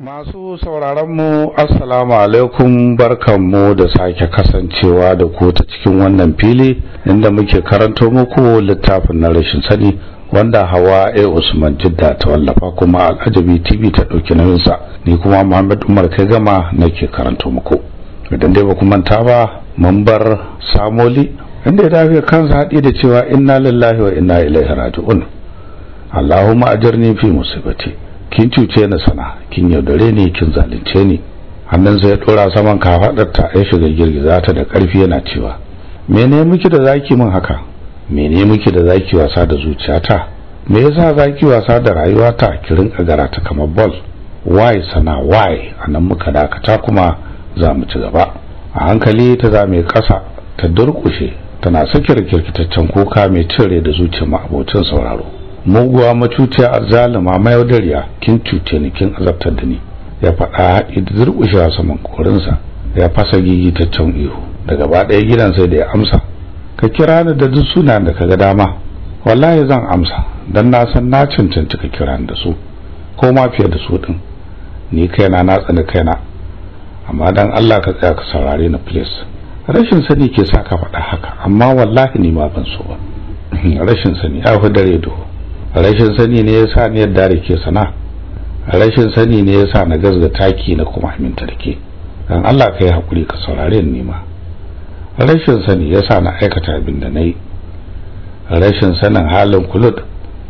Masu mu Assalamu alaikum barkanmu da sake kasancewa da ku ta cikin wannan fili inda muke karanto muku littafin na rashin sani wanda hawa A Usman Jidda ta wallafa kuma Al'ajabi TV ta ɗauki nauyinsa ni kuma Muhammad Umar kai gama nake karanto muku idan dai ba ku manta ba mun bar Samoli inda ya dafe kansa haɗi da cewa inna lillahi wa inna ilaihi raji'un Allahumma ajirni fi musibati kin cuce ni sana kin yaudare ni kin zalunce ni hannunsa ya dora saman kafadarta ya shiga girgiza ta da ƙarfi yana cewa mene miki da zaki min haka mene miki da zaki wasa da zuciyata me yasa zaki wasa da rayuwata ki rinka gara ta kamar ball why sana why anan muka dakata kuma za mu ci gaba a hankali ta zame kasa ta durkushe tana sake kirkitaccen kuka mai cire da zuciyar abocin sauraro muguwa macuciya mai mayaudariya kin cuce ni kin azabtar da ni ya faɗa haɗi da zurƙushewa saman korinsa ya fasa gigitaccen ihu daga ba ɗaya gidan sai da ya amsa ka kira ni da duk suna da kaga dama wallahi zan amsa dan na san na cancanci ka kira ni da su ko ma fiye da su ɗin, ni kaina na tsani kaina amma dan Allah ka tsaya ka saurare ni please rashin sani ke sa ka faɗa haka amma wallahi ni ma ban so ba rashin sani a dare do rashin sani ne ya sa ni yadda da ke sana rashin sani ne ya sa na gazga taki na kuma aminta da ke dan Allah ka yi haƙuri ka saurare ni nema. rashin sani ya sa na aikata abin da na yi rashin sanin halin kulut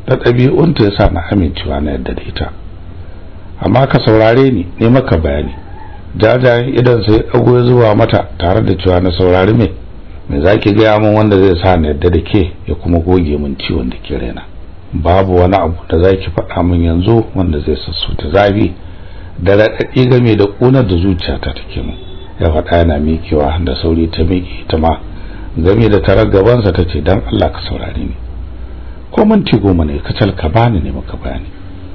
da ɗabi'unta ya sa na amincewa na yadda da ita amma ka saurare ni ne maka bayani jajayen idan sai ago ya zuwa mata tare da cewa na saurari me me zaki gaya min wanda zai sa na yadda da ke ya kuma goge min ciwon da ke raina babu wani abu da zaki faɗa min yanzu wanda zai ta zabi da raɗaɗi game da ƙunar da zuciyata take mu ya faɗa yana mikewa da sauri ta miƙe ta ma game da tarar gabansa ta ce don Allah ka saurari ni ko minti goma ne kacal ka bani ne maka bayani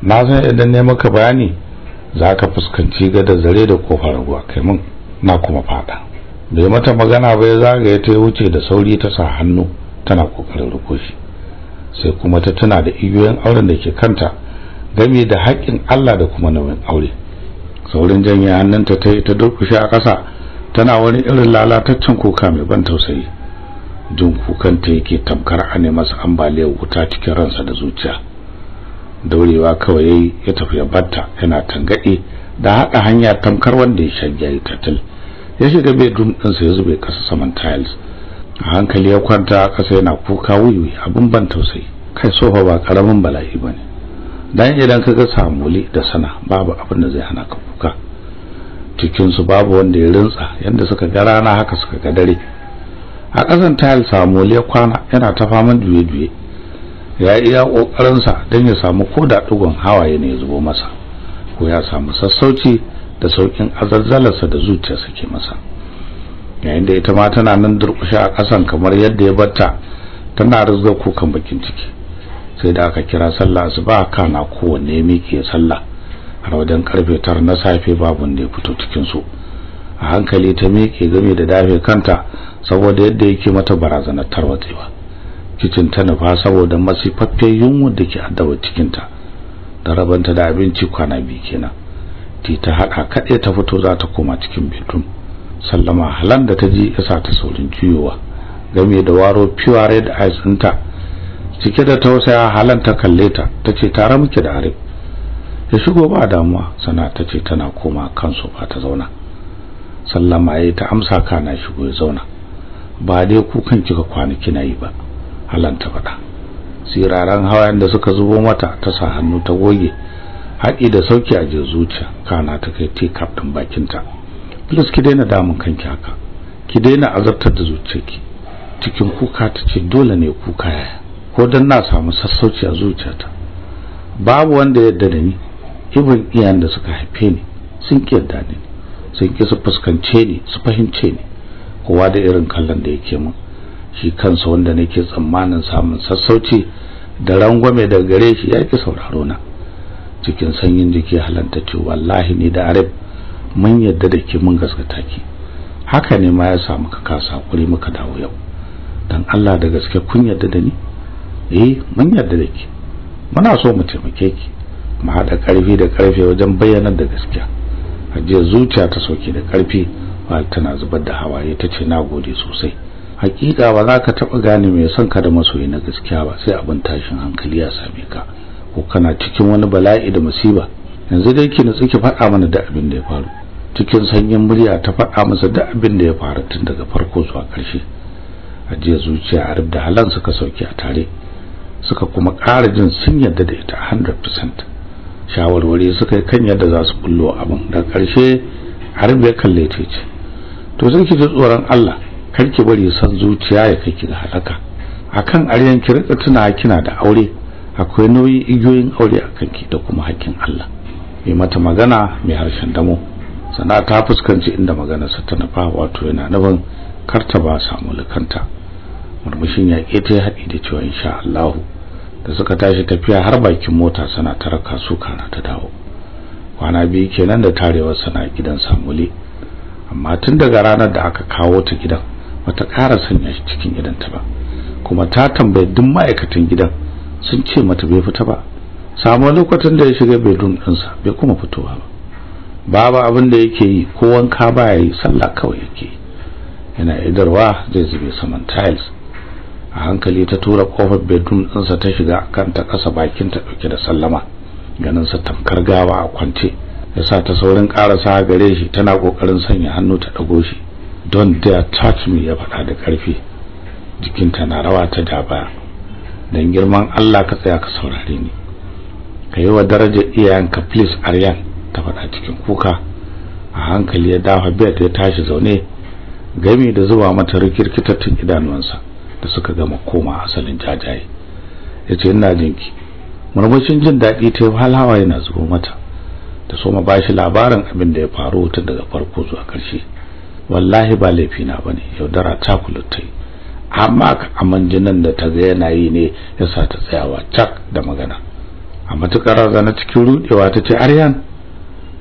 na san idan ne maka bayani za ka fuskanci gada zare da kofar ruwa kai mun na kuma faɗa bai mata magana bai zagaye ta wuce da sauri ta sa hannu tana ƙoƙarin rukoshi. sai kuma ta tana da igiyoyin auren da ke kanta game da haƙƙin Allah da kuma nauyin aure saurin janye hannunta ta yi ta durkushe a ƙasa tana wani irin lalataccen kuka mai ban tausayi jin kukanta yake tamkar a ne masa ambaliyar wuta cikin ransa da zuciya daurewa kawai yi ya tafi ya batta yana tangaɗe da haɗa hanya tamkar wanda ya shagya yi tatil ya shiga bedroom ɗinsa ya zube ƙasa saman tiles A hankali ya kwanta a ƙasa yana kuka wuyi abin ban tausayi kai sofa ba ƙaramin bala'i ba ne dan idan ka ga samuli da sana babu abin da zai hana ka kuka cikinsu babu wanda ya rintsa yadda suka ga rana haka suka ga dare a ƙasan tayal samuli ya kwana yana ta faman duye-duye ya iya ƙoƙarinsa don ya samu ko da ɗigon hawaye ne ya zubo masa ko ya samu sassauci da sauƙin azazzalarsa da zuciyarsa ke masa yayin da ita ma tana nan durƙushe a ƙasan kamar yadda ya batta tana rizga kukan bakin ciki sai da aka kira sallah asuba kana kowanne miƙe sallah har wajen karfe tar na safe babu da ya fito cikin su a hankali ta miƙe game da dafe kanta saboda yadda yake mata barazanar tarwatsewa kicin ta nufa saboda masifaffen yunwa da ke addaba cikinta da rabanta da abinci kwana biyu kenan ta haɗa kaɗai ta fito za ta koma cikin bedroom sallama halan da ta ji ya ta saurin ciyowa game da waro pure red eyes ɗinta cike da tausaya halan ta kalle ta ta ce tare muke da arif ya shigo ba damuwa sana ta ce tana koma kansu ba ta zauna sallama ya ta amsa kana shigo ya zauna ba dai ku kan kika kwana kina yi ba halan ta faɗa siraran hawayen da suka zubo mata ta sa hannu ta goge haɗi da sauki a zuciya kana ta kai tekap ɗin bakinta plus ki daina damun kanki haka ki daina azabtar da zuciyarki cikin kuka ta ce dole ne kuka yaya ko dan na samu sassauci a zuciyata babu wanda ya yarda da ni ibin iyayen da suka haife ni sun ki yarda ni sun ki su fuskance ni su fahimce ni kowa da irin kallon da yake min shi kansa wanda nake tsammanin samun sassauci da rangwame daga gare shi ya ki sauraro na cikin sanyin jiki halanta ce wallahi ni da arab mun yadda da ke mun gaskata ki haka ne ma ya sa muka kasa kuri muka dawo yau dan Allah da gaske kun yadda da ni eh mun yadda da ki muna so mu taimake ki mu haɗa karfi da karfe wajen bayyana da gaskiya haje zuciya ta soke da karfi ba tana zubar da hawaye ta ce gode sosai hakika ba za ka taɓa gane me son ka da masoyi na gaskiya ba sai abin tashin hankali ya same ka ko kana cikin wani bala'i da musiba yanzu dai ki nutsu ki faɗa mana da abin da ya faru cikin sanyin murya ta faɗa masa da abin da ya faru tun daga farko zuwa ƙarshe ajiya zuciya a da halan suka sauke a tare suka kuma ƙara jin sun yarda da ita 100% shawarwari suka yi kan yadda za su bullo abin da ƙarshe harin ya kalle ta ce to sai ki ji tsoron Allah kar ki bari san zuciya ya kai ki ga halaka akan aryan ki rika tuna kina da aure akwai nauyi igiyoyin aure a kanki da kuma hakkin Allah mai mata magana mai harshen damo sana ta fuskanci inda maganarsa ta nafa, wato yana nufin karta ba samu lukanta murmushin ya ta ya haɗi da cewa insha Allah da suka tashi tafiya har bakin mota sana raka su kana ta dawo kwana biyu kenan da tarewar sana gidan Samuli amma tun daga ranar da aka kawo ta gidan bata kara sanya shi cikin gidanta ba kuma ta tambayi duk ma'aikatan gidan sun ce mata bai fita ba samu lokacin da ya shiga bedroom ɗinsa bai kuma fitowa ba babu abin da yake yi ko wanka ba yi sallah kawai yake yana idarwa zai zube saman tiles a hankali ta tura kofar bedroom ɗinsa ta shiga kanta ƙasa ta ɗauke da sallama Ganin sa tamkar gawa a kwance sa ta saurin ƙarasa gare shi tana ƙoƙarin sanya hannu ta ɗago shi don dare touch me ya faɗa da ƙarfi jikinta na rawa ta daba don girman Allah ka tsaya ka saurare ni ka yi wa darajar iyayenka please aryan ta faɗa cikin kuka a hankali ya dafa bed ya tashi zaune gami da zuba mata rikirkitattun idanuwansa da suka gama koma asalin jajaye ya ce ina jinki murmushin jin daɗi ta halawa yana zubo mata ta soma ba shi labarin abin da ya faru tun daga farko zuwa ƙarshe wallahi ba laifina ba ne yaudara ta kuluttai amma aman jinin da ta ga yana yi ne ya sa ta tsayawa cak da magana a matuƙar na cikin ruɗewa ta ce aryan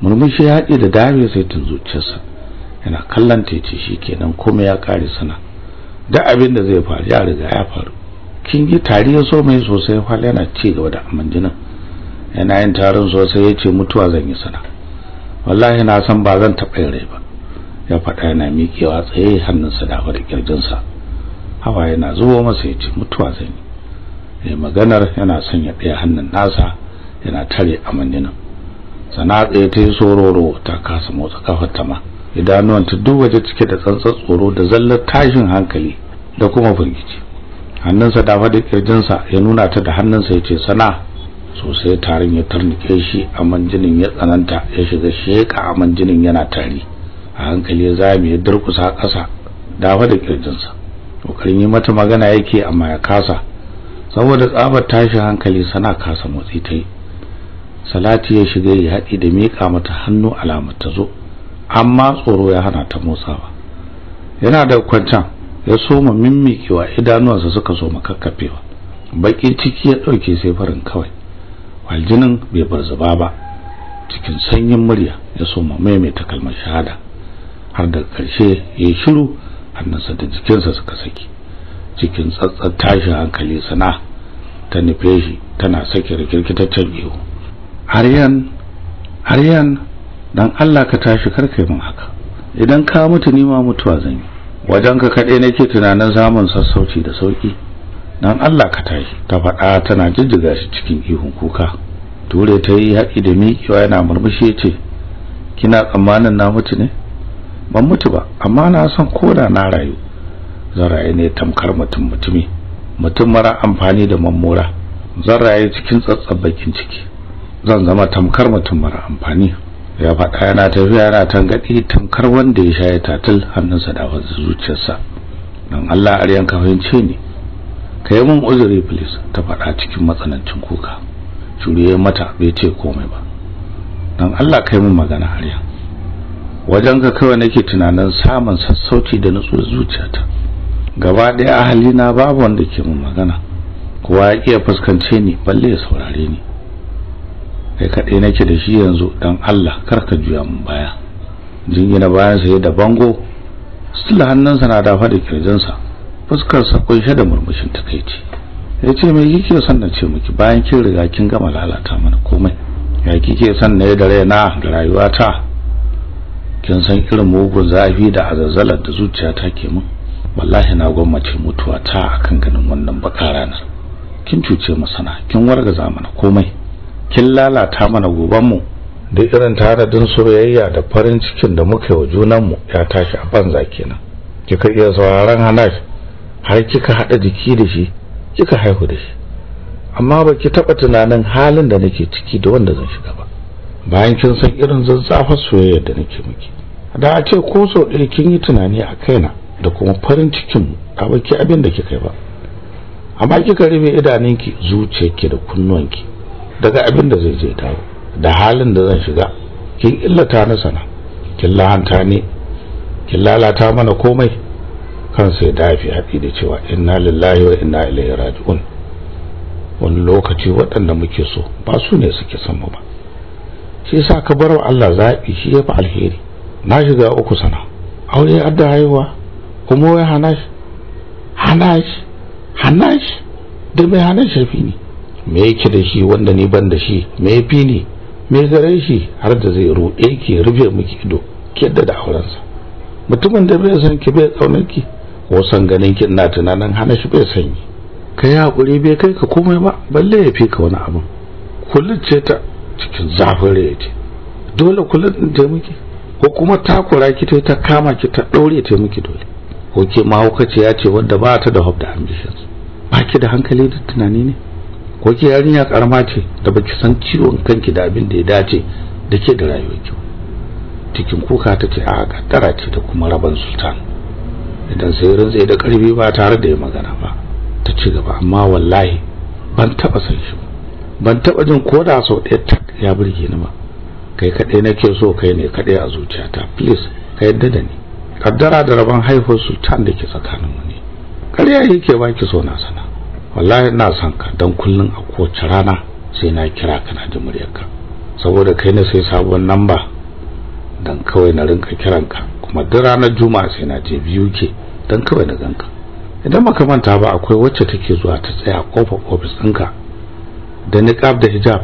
murmushi ya haɗe da dare sai tun zuciyarsa yana kallon titi shi kenan kuma ya kare sana da abin da zai faru ya riga ya faru kin yi tari ya so mai sosai fa yana ci gaba da amman jinin yana yin tarin sosai ya ce mutuwa zan yi sana wallahi na san ba zan taɓa yin rai ba ya faɗa yana miƙewa tsaye hannunsa da kirjin ƙirjinsa. hawa yana zuwa masa ya ce mutuwa zan yi maganar yana son ya ɗaya hannun nasa yana tare amman jinin sana tsaye ta yi sororo ta kasa motsa kafarta ma idanuwanta duk waje cike da tsantsar tsoro da zallar tashin hankali da kuma firgici hannunsa da faɗi kirjinsa ya nuna ta da hannunsa ya ce sana sosai tarin ya tarnike shi a jinin ya tsananta ya shiga sheka a jinin yana tari a hankali ya zame ya durkusa ƙasa da faɗi kirjinsa kokarin yi mata magana yake amma ya kasa saboda tsabar tashin hankali sana kasa motsi ta yi salati ya shiga ya haɗi da miƙa mata hannu alamar ta zo amma tsoro ya hana ta motsawa yana da kwancan ya soma mimmikewa idanuwansa suka so makakkafewa baƙin ciki ya ɗauke sai farin kawai waljinin bai bar zuba ba cikin sanyin murya ya soma maimaita kalmar shahada har daga ƙarshe ya yi shiru hannunsa da jikinsa suka saki cikin tsatsar tashin hankali sana ta nufe shi tana sake rikirkitaccen ihu Aryan dan Allah ka tashi karka yi mun haka idan ka mutu ni ma mutuwa zan yi wajen ka kaɗai nake tunanin samun sassauci da sauki dan Allah ka tashi ta faɗa tana jijjiga shi cikin ihun kuka ture ta yi haƙi da miƙewa yana murmushi ce kina tsammanin na mutu ne ban mutu ba amma na san koda na rayu zan rayu ne tamkar mutum mutumi mutum mara amfani da mammora zan rayu cikin tsatsabakin bakin ciki zan zama tamkar mutum mara amfani ya faɗa yana tafiya yana tangaɗi tamkar wanda ya sha ya tatil hannunsa da zuciyarsa don Allah aryan ka fahimce ni ka yi min uzuri please ta faɗa cikin matsanancin kuka shuriye mata bai ce komai ba don Allah ka yi min magana aryan wajen ka kawai nake tunanin samun sassauci da nutsuwar zuciyata gaba ɗaya ahalina babu wanda ke min magana kowa ya iya fuskance ni balle ya saurare ni kai kaɗai nake da shi yanzu dan Allah kar ka juya min baya jingina bayan sa da bango sula hannunsa na dafa da kirjinsa fuskarsa kunshe da murmushin takaici ya ce mai kike son na ce miki bayan kin riga kin gama lalata mana komai ya kike son na yi da raina da rayuwata kin san irin mugun zafi da azazzalar da zuciyata ke mun wallahi na gwammace mutuwa ta akan ganin wannan bakara na kin cuce masana, kin warga zamana komai kin lalata mana gobanmu da irin tanadin soyayya da farin cikin da muka yi wa junanmu ya tashi a banza kenan kika iya sauraron hanash har kika haɗa jiki da shi kika haihu da shi amma ba ki taɓa tunanin halin da nake ciki da wanda zan shiga ba bayan kin san irin zazzafar soyayya da nake miki da a ce ko sau ɗaya kin yi tunani a kaina da kuma farin cikin a baki abin da kika yi ba amma kika rufe idanunki zuciyarki da kunnuwanki daga abin da zai je dawo da halin da zan shiga kin illata na sana kin lahanta ne kin lalata mana komai kansa ya dafi haɗi da cewa inna lillahi wa inna ilaihi raji'un wani lokaci waɗanda muke so ba su ne suke san mu ba shi yasa ka bar wa Allah zaɓi shi ya yafi alheri na shiga uku sana aure adda haihuwa kuma wai hana shi hana shi hana shi da mai hana shafi ne me yake da shi wanda ni ban da shi me yafi ni me gare shi har da zai ruɗe ki rufe miki ido ki da aurensa mutumin da bai san ki bai kaunar ki ko san ganin ki ina tunanin hana shi bai san ka yi hakuri bai kai ka komai ba balle ya fi ka wani abu kullum ce ta cikin zafin rai dole kullum din ta miki ko kuma ta kura ki ta ta kama ki ta ɗaure ta miki dole ko ke mahaukaciya ce wadda ba ta da hope da ambitions ba ki da hankali da tunani ne ko ke yarinya karama ce da baki san ciwon kanki da abin da ya dace da ke da rayuwarki cikin kuka ta ce a kaddara ce da kuma raban sultan idan sai rantsa da karfi ba tare da ya magana ba ta ci gaba amma wallahi ban taba san shi ban taba jin ko da sau ɗaya ta ya burge ni ba kai kaɗai nake so kai ne kaɗai a zuciyata please ka yadda da ni kaddara da rabon haihuwar sultan da ke tsakaninmu ne karya yake baki so na sana wallahi ina son ka dan kullun a kowace rana sai na kira ka na ji muryarka saboda kai ne sai sabon namba dan kawai na rinka kiran ka kuma duk ranar juma'a sai na je biyu ke dan kawai na ganka idan baka manta ba akwai wacce take zuwa ta tsaya kofar ofis ɗinka da niqab da hijab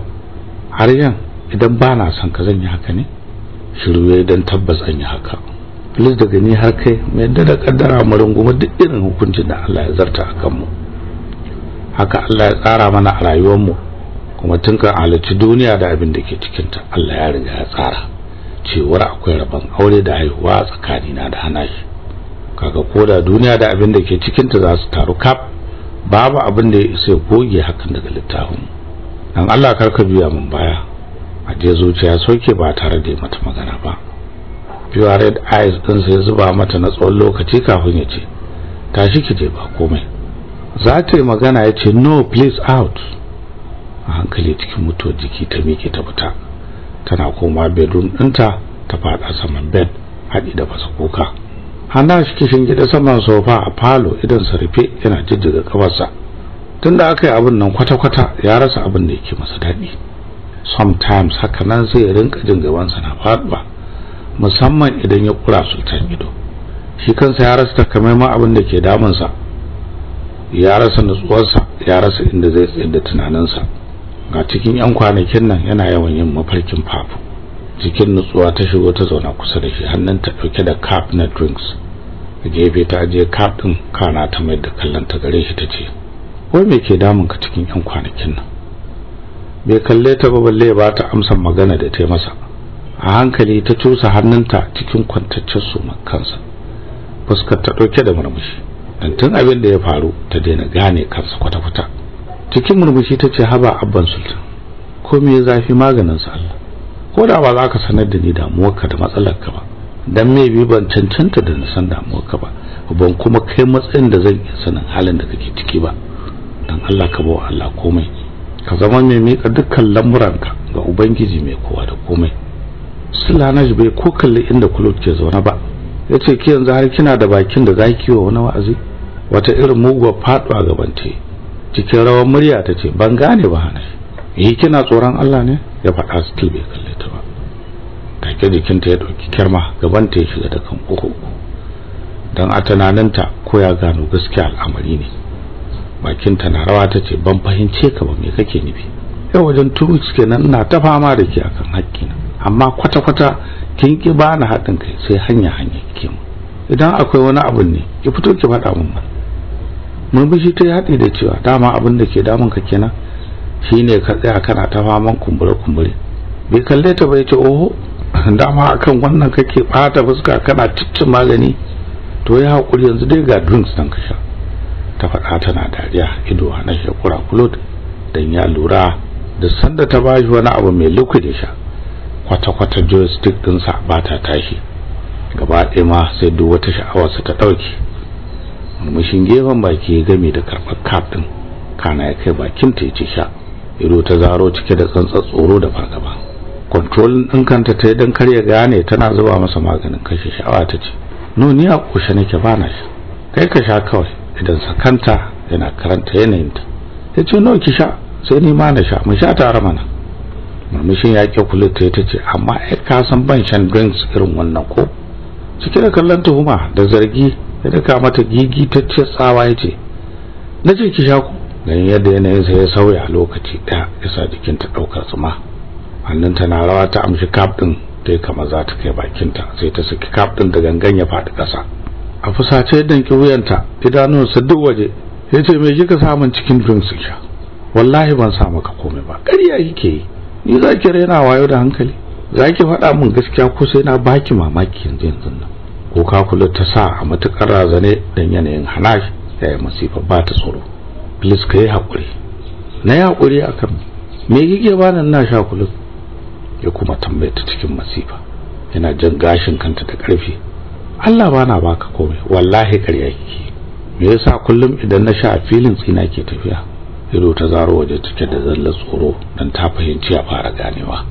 har yan idan ba na son ka zan yi haka ne shiru yayi dan tabbas an yi haka please daga ni har kai mai yadda da kaddara mu runguma duk irin hukuncin da Allah ya zarta a kanmu. haka Allah ya tsara mana a rayuwar mu kuma tun kan halarci duniya da abin da ke cikinta Allah ya riga ya tsara cewar akwai rabon aure da haihuwa tsakanina da hana shi kaga da duniya da abin da ke cikinta za su taru kaf babu abin da ya goge hakan daga littafin dan Allah kar ka biya mun baya a je zuciya soke ba tare da mata magana ba pure red eyes din sai zuba mata na tsawon lokaci kafin ya ce tashi ki je ba komai za ta yi magana ya ce no please out a hankali cikin mutuwar jiki ta miƙe ta fita tana koma bedroom ɗinta ta faɗa saman bed haɗi da fasa kuka hannun shi kishin gida saman sofa a falo idan sa rufe yana jijjiga kafarsa tunda aka yi abin nan kwata-kwata ya rasa abin da yake masa daɗi sometimes haka nan zai rinka jin gabansa na faɗuwa musamman idan ya kura sultan ido shi kansa ya rasa takamaiman abin da ke damunsa ya rasa nutsuwarsa ya rasa inda zai tsayar da tunaninsa ga cikin yan kwanakin nan yana yawan yin mafarkin fafu cikin nutsuwa ta shigo ta zauna kusa da shi hannunta ɗauke da cup na drinks a gefe ta ajiye cup ɗin kana ta mai da kallon ta gare shi ta ce wai me ke damun ka cikin yan kwanakin nan bai kalle ta ba balle ba ta amsa magana da ta masa a hankali ta cusa hannunta cikin kwantaccen su kansa fuskar ta ɗauke da murmushi dan tun abin da ya faru ta daina gane kansa kwata-kwata cikin murmushi ta ce haba abban sultan ko me zafi maganin sa Allah ko da ba za ka sanar da ni ka da matsalar ka ba dan me bi ban cancanta da san ka ba ban kuma kai matsayin da zan iya sanin halin da kake ciki ba dan Allah ka bawa Allah komai ka zama mai mika dukkan lamuranka ga ubangiji mai kowa da komai sulana bai ko kalli inda kulut ke zaune ba ya ce ki yanzu har kina da bakin da za ki wa wani wa'azi wata irin muguwar faɗuwa gabante cikin rawar murya ta ce ban gane ba hana yi eh, kina tsoron Allah ne ya faɗa still bai kalli ta ba take jikinta ya ɗauki kyarma gabanta ya shiga da kan uku don a tunaninta ko ya gano gaskiya al'amari ne bakinta na rawa ta ce ban fahimce ka ba me kake nufi yau wajen turu cike kenan ina ta fama da ke akan hakkina amma kwata-kwata kin ki ba na haɗin kai sai hanya hanya ke mu idan akwai wani abin ne ki fito ki faɗa mun ba shi ta haɗi da cewa dama abin da ke damun ka kenan shine ka tsaya kana ta faman kumbure kumbure bai kalle ta bai ce oho dama akan wannan kake bata fuska kana cicin magani to ya hakuri yanzu dai ga drinks nan ka sha ta faɗa tana dariya ido na shekura kulot dan ya lura da sanda ta bashi wani abu mai liquid ya sha kwata-kwata joystick sa ba ta tashi gaba ɗaya ma sai duk wata sha'awarsa ta ɗauke murmushin gefen baki ya game da karɓar cap ɗin kana ya kai bakin ta ce sha ido ta zaro cike da tsantsar tsoro da fargaba control ɗin kanta ta yi don kar ya gane tana zuba masa maganin kashe sha'awa ta ce no ni a ƙoshe nake ba na sha kai ka sha kawai idan sakanta yana karanta yanayinta ta ce no ki sha sai ni ma na sha mu sha tare mana mamishin ya ke kulita ta ce amma ai ka san ban shan drinks irin wannan ko cike da kallon tuhuma da zargi ya daka mata gigi ta ce tsawa ya ce na ce ki sha ku ganin yadda sai ya sauya lokaci ɗaya ya sa ta ɗaukar tsuma ta na rawa ta amshi kaf ɗin ta kama za ta kai bakinta sai ta saki kaf ɗin da gangan ya faɗi ƙasa a fusace danki wuyanta su duk waje ya ce me kika samun cikin drinks sha wallahi ban sa maka komai ba ƙarya kike yi ni za ki raina wayo da hankali za ki faɗa min gaskiya ko sai na baki mamaki yanzu yanzu nan ko ka kula ta sa a matukar razane dan yanayin hana shi ya masifa ba ta tsoro please ka yi haƙuri na yi haƙuri a kan me kike ba nan na sha kulun? ya kuma tambaye ta cikin masifa yana jan gashin kanta da ƙarfi Allah ba na baka komai wallahi ƙarya kike me yasa kullum idan na sha a filin tsina ke tafiya ido ta zaro waje cike da zallar tsoro don ta fahimci a fara ganewa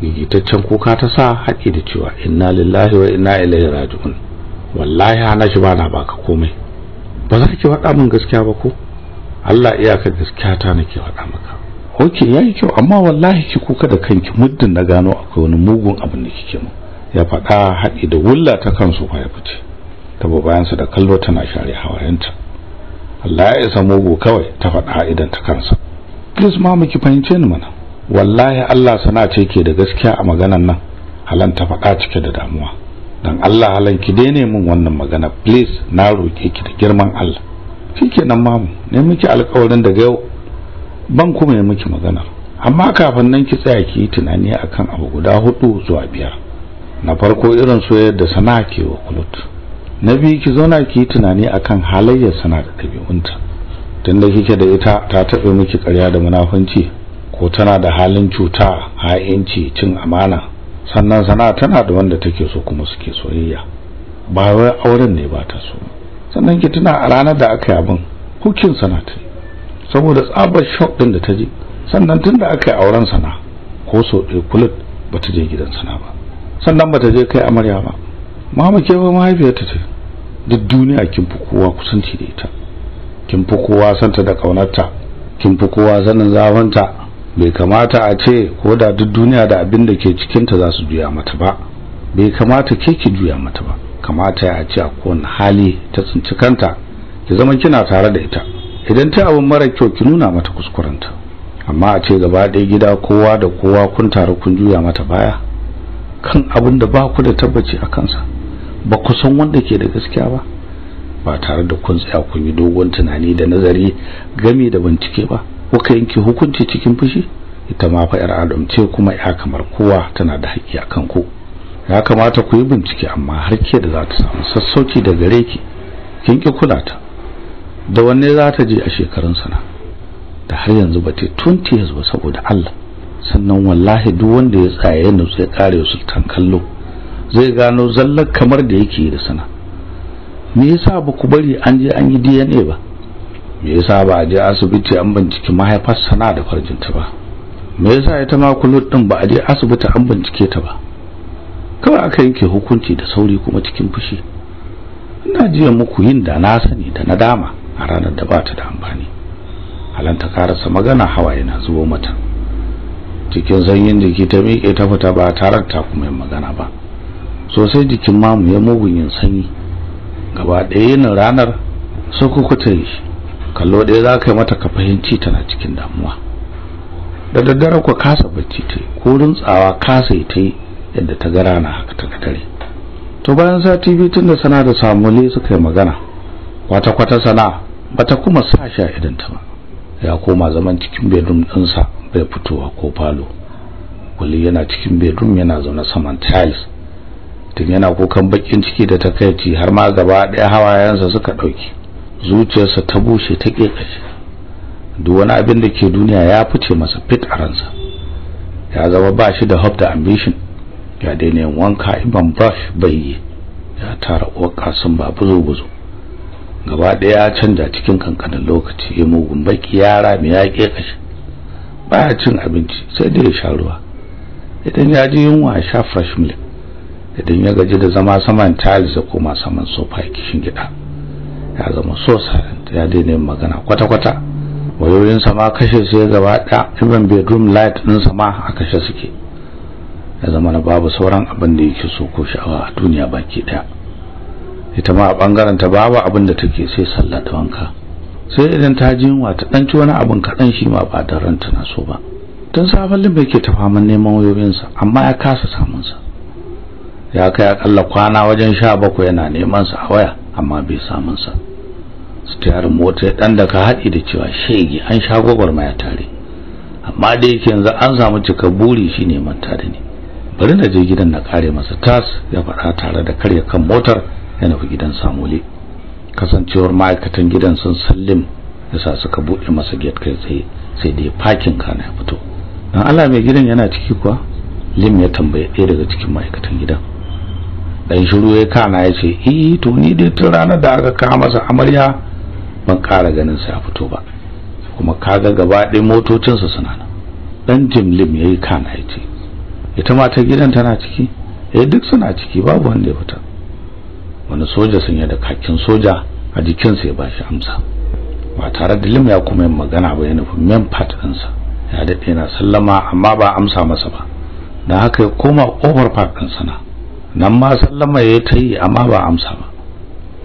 gigitaccen kuka ta sa haƙi da cewa inna lillahi wa inna ilaihi raji'un wallahi hana shi bana baka komai ba za ki faɗa min gaskiya ba ko Allah iyaka gaskiya ta nake faɗa maka ya yayi kyau amma wallahi ki kuka da kanki muddin na gano akwai wani mugun abin da kike mu ya faɗa haɗi da wulla ta kansu fa ya fice bayan bayansa da kallo tana share hawayenta Allah ya isa mugu kawai ta faɗa idan ta kansa please ma muki fahimce ni mana wallahi Allah sana ce ke da gaskiya a maganan nan halan ta faɗa cike da damuwa dan Allah halan ki daina min wannan magana please na roke ki da girman Allah shikenan mamu ne miki alƙawarin daga yau ban kuma yi miki magana amma kafin nan ki tsaya ki tunani akan abu guda hudu zuwa biyar na farko irin soyayyar da sana ke wa kulut na biyu ki zauna ki yi tunani akan halayyar sana da ɗabi'unta tunda kike da ita ta taɓe miki karya da munafunci ko tana da halin cuta ha'inci cin amana sannan sana tana da wanda take so kuma suke soyayya ba wai auren ne ba ta so sannan ki tuna a ranar da aka yi abin hukin sana ta saboda tsabar shop ɗin da ta ji sannan tunda aka yi auren sana ko so ɗaya kulit ba ta je gidan sana ba sannan ba ta je kai amarya ba mama ke ba mahaifiyarta ce duk duniya kin fi kowa kusanci da ita kin fi kowa santa da kaunarta kin fi kowa sanin zafanta bai kamata a ce ko da duk duniya da abin da ke cikinta za su juya mata ba bai kamata ke ki juya mata ba kamata ya ce a kowane hali ta tsinci kanta ki zama kina tare da ita idan ta abin mara kyau ki nuna mata kuskurenta amma a ce gaba ɗaya gida kowa da kowa kun taru kun juya mata baya kan abin da ba ku da tabbaci a kansa ba ku san wanda ke da gaskiya ba ba tare da kun tsaya kun yi dogon tunani da nazari game da bincike ba kuka yanke hukunci cikin fushi ita ma fa yar adam ce kuma ya kamar kowa tana da haƙƙi akan ku ya kamata ku yi bincike amma har ke da za ta samu sassauki da gare ki kin ki kula ta da wanne za ta je a shekarun sana da har yanzu ba ta 20 years ba saboda Allah sannan wallahi duk wanda ya tsaya ya ya kare sultan kallo zai gano zallar kamar da yake da sana me yasa ba ku bari an je an yi DNA ba me yasa ba a je asibiti an binciki mahaifar sana da farjinta ba me yasa ita ma kulut din ba a je asibiti an bincike ta ba kawai aka yanke hukunci da sauri kuma cikin fushi ina jiya muku yin da na sani da na dama a ranar da ba ta da amfani halanta karasa magana hawa yana zubo mata cikin sanyin jiki ta miƙe ta fita ba tarar ta kuma yin magana ba sosai jikin mamu ya mugun yin sanyi gaba ɗaya yin ranar sun kuta yi kallo ɗaya za ka yi mata ka fahimci tana cikin damuwa da daddare ku kasa bacci ta yi ko rintsawa kasa yi ta yi yadda ta ga rana haka ta dare to bayan sati biyu tun da sana da samuli suka yi magana kwata-kwata sana bata kuma sa sha idan ta ba ya koma zaman cikin bedroom ɗinsa bai fitowa ko falo kulli yana cikin bedroom yana zaune saman tiles tun yana kukan bakin ciki da takaici har ma gaba daya hawayensa suka dauki zuciyarsa ta bushe ta kekace duk wani abin da ke duniya ya fice masa fit a ransa ya zama ba shi da hope da ambition ya daina yin wanka iban bash bai yi ya tara uwar sun ba buzo-buzo gaba daya ya canja cikin kankanin lokaci ya mugun baki ya rami ya kekace baya cin abinci sai da ya sha ruwa idan ya ji yunwa ya sha fresh milk idan ya gaji da zama saman charles da kuma saman sofa kishin gida ya zama so ya daina yin magana kwata-kwata wayoyin sama kashe sai gaba ɗaya even bedroom light ɗin sama a kashe suke ya zama na babu sauran abin da yake so ko sha'awa a duniya baki ɗaya ita ma a ɓangaren ta babu abin da take sai sallah da wanka sai idan ta ji yunwa ta ɗanci wani abin kaɗan shi ma ba da ranta na so ba tun safin limba yake ta faman neman wayoyinsa amma ya kasa samunsa ya kai akalla kwana wajen sha bakwai yana neman sa a waya amma bai samun sa sitiyarin mota ya dan daga haɗi da cewa shege an sha gwagwarmaya tare amma da yake yanzu an samu cika buri shi neman tare ne. bari na je gidan na kare masa tas ya faɗa tare da karya kan motar ya nufi gidan samuli kasancewar ma'aikatan gidan sun sallim yasa suka buɗe masa gate kai tsaye sai dai parking kana ya fito dan Allah mai gidan yana ciki kuwa lim ya tambaye ɗaya daga cikin ma'aikatan gidan dan shiru ya kana ya ce hi to ni dai tun ranar da aka kawo masa amarya ban kara ganin sa fito ba kuma kaga gaba ɗaya motocinsa suna nan dan jimlim ya kana ya ce ita ma ta gidan tana ciki eh duk suna ciki babu wanda ya fita wani soja sanya da kakin soja a jikin sa ya ba shi amsa ba tare da lim ya kuma yin magana ba ya nufi men part ɗinsa ya daɗe yana sallama amma ba amsa masa ba dan haka ya koma over part ɗinsa na nan ma sallama ya ta yi amma ba amsa ba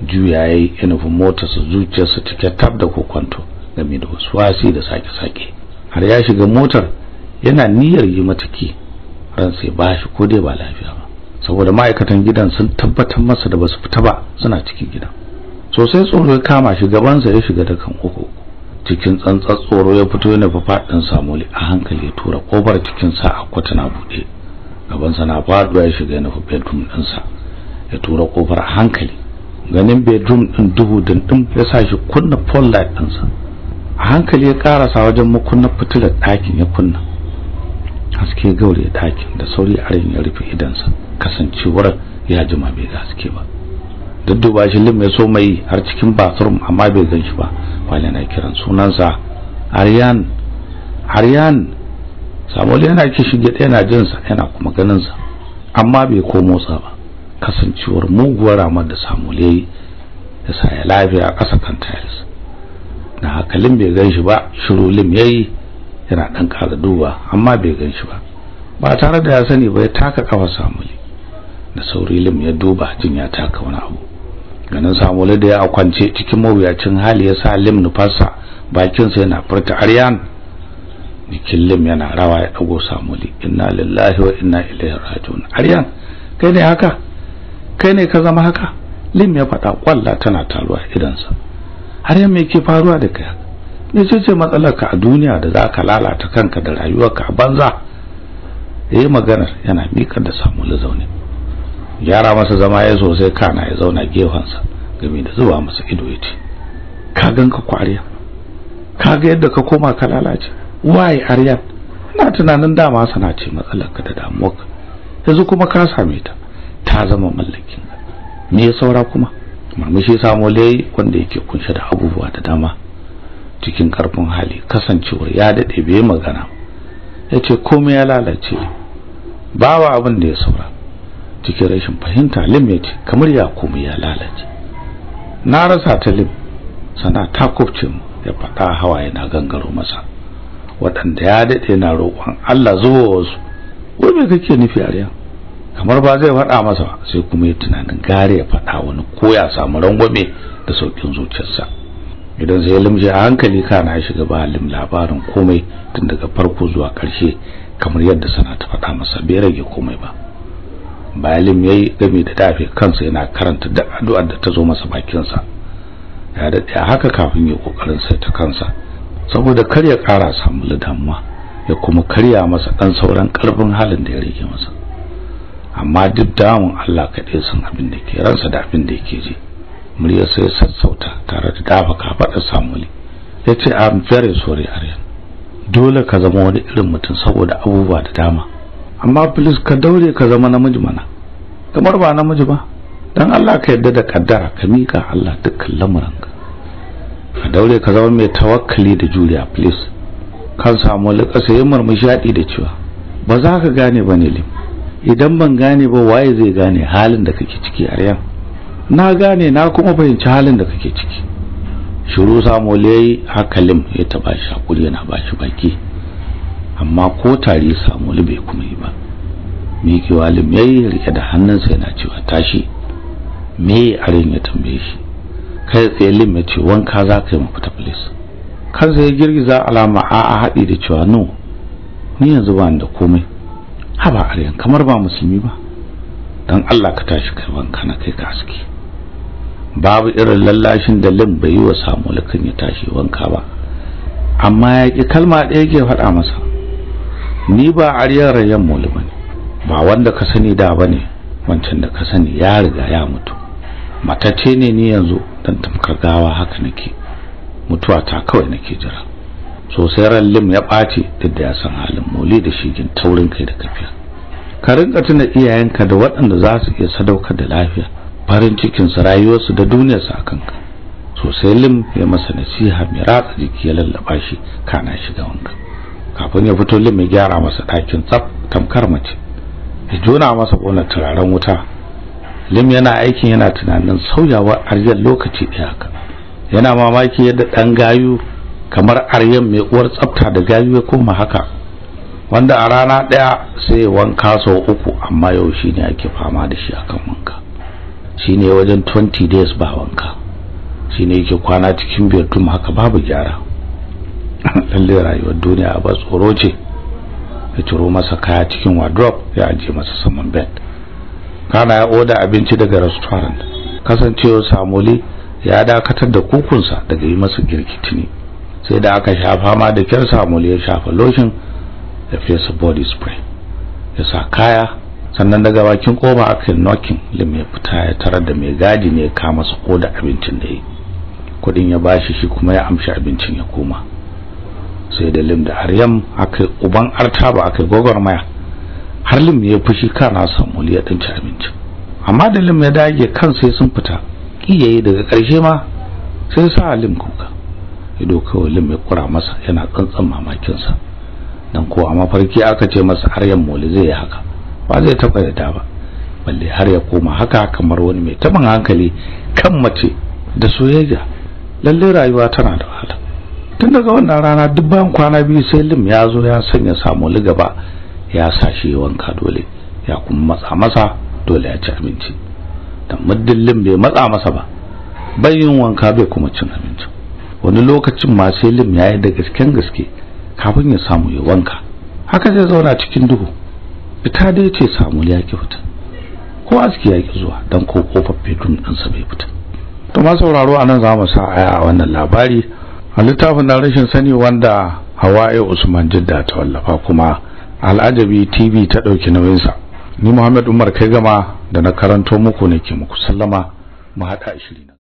juya ya yi inufin motarsa zuciyarsa cike tab da kokonto game da wasu wasi da sake-sake har ya shiga motar yana niyyar yi matuki, ran sai ba shi ko dai ba lafiya ba saboda ma'aikatan gidan sun tabbatar masa da basu fita ba suna cikin gidan sosai tsoro ya kama shi gabansa ya shiga da kan uku cikin tsantsar tsoro ya fito yana fafaɗin samoli a hankali ya tura kofar cikin sa a kwatana buɗe gabansa na faduwa ya shiga na bedroom ɗinsa ya tura kofar a hankali ganin bedroom ɗin duhu ɗin ya sa shi kunna pole light ɗinsa a hankali ya karasa wajen makunna fitilar ɗakin ya kunna haske gaure ɗakin da sauri arin ya rufe idansa kasancewar ya jima bai ga haske ba dudduba shi lim ya so mai har cikin bathroom amma bai gan shi ba wala na kiran sunansa aryan aryan Samuel yana kishin gida yana jinsa yana kuma ganinsa amma bai komo sa ba kasancewar muguwar ramar da samuli yayi ya sa ya lafiya ƙasa kan tiles na hakalin bai gan shi ba ya yayi yana dan duba amma bai gan shi ba ba tare da ya sani ba ya taka kafa Samuel da sauri lim ya duba jin ya taka wani abu ganin Samuel da ya kwance cikin mawuyacin hali ya sa lim nufarsa bakinsa yana furta Aryan jikin lim yana rawa ya kago samuli inna lillahi wa inna ilaihi raji'un aryan kai ne haka kai ne ka zama haka lim ya faɗa kwalla tana taruwa idansa aryan me ke faruwa da kai me ce ce matsalar ka a duniya da zaka lalata kanka da rayuwarka a banza yayi eh, maganar yana mika da samuli zaune Yara masa zama ya sosai kana ya zauna sa, gami da zuwa masa ido yace ka ganka kwariya ka ga yadda ka koma ka lalace why aryan ina tunanin dama sana ce matsalarka da damuwarka yanzu kuma ka same ta ta zama mallakin me ya saura kuma murmushi samo lai wanda yake kunshe da abubuwa da dama cikin karfin hali kasancewar ya dade bai magana yace komai ya lalace bawa abin da ya saura cikin rashin fahimta lim ya ce kamar ya komai ya lalace na rasa ta lim sana ta kofce mu ya fada hawa yana gangaro masa waɗanda ya daɗe na roƙon Allah zuwa wasu wai me kake nufi a kamar ba zai faɗa masa sai kuma ya tunanin gare ya faɗa wani ko ya samu rangwame da saukin zuciyarsa idan sai ya a hankali kana ya shiga ba lim labarin komai tun daga farko zuwa ƙarshe kamar yadda sana ta faɗa masa bai rage komai ba balim yayi game da dafe kansa yana karanta da addu'ar da ta zo masa bakinsa ya daɗe haka kafin ya kokarin sai ta kansa saboda kar ya kara samu ladamma ya kuma karya masa ɗan sauran ƙarfin halin da ya rage masa amma duk dawon Allah kaɗai sun abin da ke ransa da abin da yake ji muryar sai sassauta tare da dafa kafaɗar samuli ya ce very sorry aryan dole ka zama wani irin mutum saboda abubuwa da dama amma please ka daure ka zama namiji mana kamar ba namiji ba dan Allah ka yarda da kaddara ka mika Allah dukkan lamuranka ka daure ka zama mai tawakkali da juriya please kan samu lakasa yin murmushi da cewa ba za ka gane ba ne lim idan ban gane ba waye zai gane halin da kake ciki aryan na gane na kuma fahimci halin da kake ciki shiru samu lai haka ya taɓa shi hakuri yana ba shi baki amma ko tare samu bai kuma yi ba miki lim ya yi rike da hannunsa yana cewa tashi me arin ya tambaye shi kai tsaye lim ya ce wanka za ka yi mafita please kansa ya girgiza alama A a haɗi da cewa no ni yanzu ba da komai haba aryan kamar ba musulmi ba dan Allah ka tashi kai wanka na kai ka aski babu irin lallashin da lim bai yi wa samu lakan ya tashi wanka ba amma ya ki kalma ɗaya ke faɗa masa ni ba aryan rayan mulmi ba wanda ka sani da bane wancan da ka sani ya riga ya mutu matace ne ni yanzu dan tamkar gawa haka nake mutuwa ta kawai nake jira sosai rallim ya ɓaci duk da ya san halin moli da shigin taurin kai da kafiya ka rinka tuna iyayenka da waɗanda za su iya sadaukar da lafiya farin cikin cikinsu rayuwarsu da duniyarsu a kanka sosai lim ya masa nasiha mai ratsa jiki ya lallaba shi kana shiga wanka kafin ya fito lim ya gyara masa ɗakin tsaf tamkar mace ya jona masa ƙonar turaren wuta lim yana aikin yana tunanin sauyawar aryan lokaci ɗaya haka yana mamaki yadda ɗan gayu kamar aryan mai uwar tsafta da gayu ya koma haka wanda a rana ɗaya sai ya wanka sau uku amma yau shi ne ake fama da shi akan wanka shi ne wajen 20 days ba wanka shi ne yake kwana cikin bedroom haka babu gyara lalle rayuwar duniya ba tsoro ce ya ciro masa kaya cikin wardrobe ya aje masa saman bed kana ya oda abinci daga restaurant kasancewar samuli ya dakatar da kukunsa daga yi masa girki sai da aka shafa ma da kyar samuli ya shafa lotion da fesa body spray ya sa kaya sannan daga bakin koma aka yi knocking lim ya fita ya tara da mai gadi ne ya kama oda koda abincin da ya kudin ya bashi shi kuma ya amshi abincin ya koma sai da lim da aryam aka uban artaba aka maya. har lim ya fushi kana samu ya dan ci abinci amma da lim ya dage kan sai sun fita kiyaye daga karshe ma sai sa lim kuka ido kawai lim ya kura masa yana tsantsan mamakin sa dan kowa mafarki aka ce masa har yan muli zai yi haka ba zai taba yarda ba balle har ya koma haka kamar wani mai taban hankali kan mace da soyayya lalle rayuwa tana da wahala tun daga wannan rana duk bayan kwana biyu sai lim ya zo ya sanya samu ligaba ya sa shi wanka dole ya kuma matsa masa dole ya ci abinci da muddin bai matsa masa ba bai yin wanka bai kuma cin abinci wani lokacin ma sai lim ya yi da gasken gaske kafin ya samu ya wanka haka zai zauna cikin duhu ita dai ce samu ya ki fita ko aski ya ki zuwa dan ko kofar dan ɗinsa bai fita to ma sauraro anan nan za mu sa aya a wannan labari a littafin na rashin sani wanda hawaye usman jidda ta wallafa kuma al'ajabi tv ta ɗauki nauyinsa ni muhammad umar kai gama da na karanto muku ne ke muku sallama mu haɗa shiri